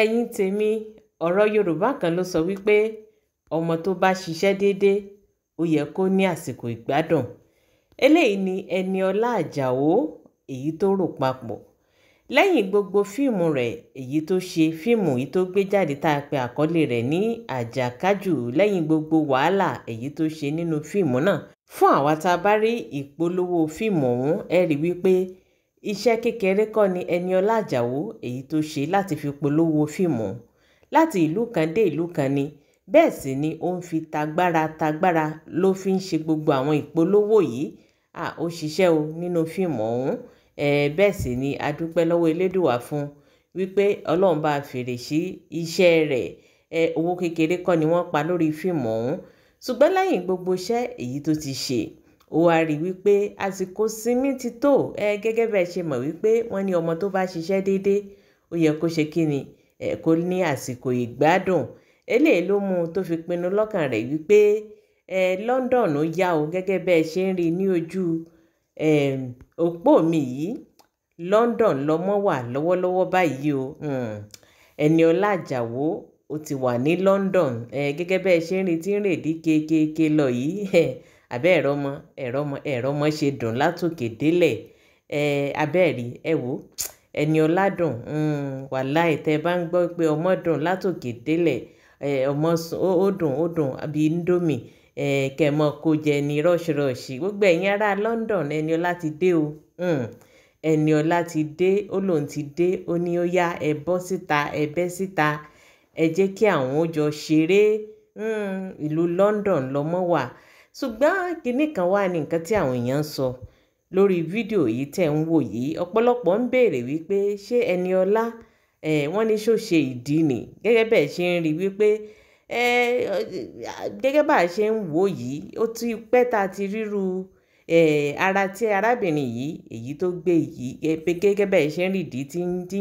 ẹ̀yin tèmi ọ̀rọ̀ yorùbá kan ló sọ wípé ọmọ tó bá ṣiṣẹ́ déédéé ó yẹ kó ní àsìkò ìgbádùn eléyìí ni ẹniọlá àjàó èyí tó rò papọ̀ lẹ́yìn gbogbo fíìmù rẹ̀ èyí tó ṣe fíìmù yìí tó gbé jáde tá a pe àkọlé rẹ̀ ní àjàkájù lẹ́yìn gbogbo wàhálà èyí tó ṣe nínú fíìmù náà fún àwa tá a bá rí ìpolówó fíìmù ọ̀hún ẹ rí wípé iṣẹ́ kékeré kọ́ ni eniola ajáò èyí tó ṣe láti fi polówó fíìmù láti ìlú kan dé ìlú kan ni bẹ́ẹ̀ sì ni ó ń fi tagbára tagbára ló fi ń ṣe gbogbo àwọn ìpolówó yìí à ó ṣiṣẹ́ o nínú fíìmù ọ̀hún bẹ́ẹ̀ sì ni adúpẹ́ lọ́wọ́ elédùwà fún wípé ọlọ́run bá fèrè sí iṣẹ́ rẹ̀ owó kékeré kọ́ ni wọ́n pa lórí fíìmù ọ̀hún ṣùgbọ́n lẹ́yìn gbogbo iṣẹ́ èyí tó ti ṣe ó wá rí wípé àsìkò sinmi ti tó ẹ gẹ́gẹ́ bẹ́ẹ̀ ṣe mọ̀ wípé wọ́n ní ọmọ tó bá ṣiṣẹ́ déédéé ó yẹ kó ṣe kí ni ẹ kó ní àsìkò ìgbádùn eléyìí ló mú un tó fi pinnu lọ́kàn rẹ̀ wípé ẹ London ó yá o gẹ́gẹ́ bẹ́ẹ̀ ṣe ń rí ní ojú ẹ òpó mi yìí London lọmọ wà lọ́wọ́lọ́wọ́ báyìí o hmm. Ẹniọlá Àjàó ó ti wà ní London ẹ gẹ́gẹ́ bẹ́ẹ̀ ṣe ń rí tí ń rèdí kéékèèké lọ yìí àbẹ́ ẹ̀rọ mọ ẹ̀rọ mọ ẹ̀rọ mọ ṣe dùn látòkè délẹ̀ ẹ abẹ́ẹ̀rí ẹ wò ẹni ọ̀làdùn hmm, wàláì tẹ́ ẹ bá ń gbọ́ pé ọmọ dùn látòkè délẹ̀ ọmọ sùn ó dùn ó dùn àbí indomie kẹmọ kó jẹ ní rọ́ṣirọ́ṣì gbogbo ẹ̀yin ará London ẹni ọlá ti dé o hmm, ẹni ọlá ti dé ó lóun ti dé ó ní ó yá ẹ bọ́ síta ẹ bẹ́ síta ẹ jẹ́ kí àwọn ó jọ ṣeré hmm, ìlú London lọ́mọ wà ṣùgbọ́n kinní kan wà ní nǹkan tí àwọn èèyàn ń sọ lórí fídíò yìí tẹ̀ ń wò yìí ọ̀pọ̀lọpọ̀ ń béèrè wípé ṣé Ẹniọlá wọ́n ní ṣó ṣe ìdí ni gẹ́gẹ́ bẹ́ẹ̀ ṣe ń rí wípé gẹ́gẹ́ bá a ṣe ń wò yìí ó ti pẹ́ tá a ti ríru ara tí arábìnrin yìí èyí tó gbé yìí gẹ́gẹ́ bẹ́ẹ̀ ṣe ń rìdí tí tí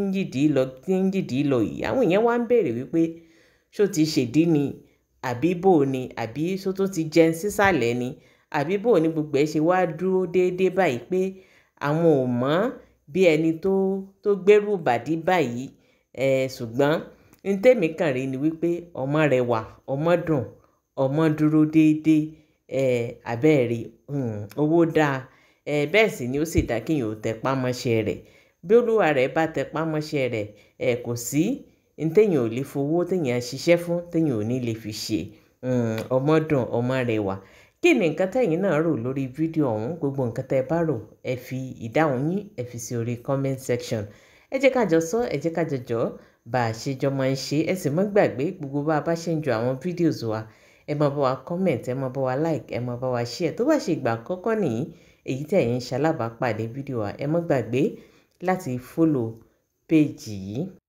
ń jìdí lọ yìí àwọn èèyàn wá ń béèrè wípé ṣó ti ṣèdí ni àbí bò ni àbí tó tún ti jẹun sísàlẹ̀ ni àbí bò ni gbogbo ẹ̀ ṣe wá dúró déédéé báyìí pé àwọn ò mọ̀ bí ẹni tó tó gbérù ìbàdí báyìí ṣùgbọ́n ní tèmi kàn rí ni wípé ọmọ rẹwà ọmọ dùn ọmọ dúró déédéé àbẹ́ẹ̀rí owó dáa bẹ́ẹ̀ sì ni ó sì dá kéèyàn ò tẹpá mọ́ṣẹ́ rẹ̀ bí olúwa rẹ̀ bá tẹpá mọ́ṣẹ́ rẹ̀ kò sí n téèyàn ò lè fowó téèyàn ṣiṣẹ́ fún téèyàn ò ní lè fi ṣe hm, ọmọ dùn ọmọ rẹwà kí ni nǹkan tẹ́yìn náà rò lórí fídíò ọ̀hún gbogbo nǹkan tẹ́ bá rò ẹ fi ìdáhùn yín ẹ fi sí orí comment section ẹ jẹ́ ká jọ sọ ẹ jẹ́ ká jọ jọ bá a ṣe jọ máa ń ṣe ẹ sì mọ́ gbàgbé gbogbo bá a bá ṣe ń jọ àwọn fídíòs wa ẹ máa bá wa comment ẹ máa bá wa like ẹ máa bá wa share tó bá ṣe ìgbà àkọ́kọ́ nìyí èyí tẹ̀yìn ń ṣalábàápàdé fídíò wa ẹ mọ́ gbàgbé láti follow page. yìí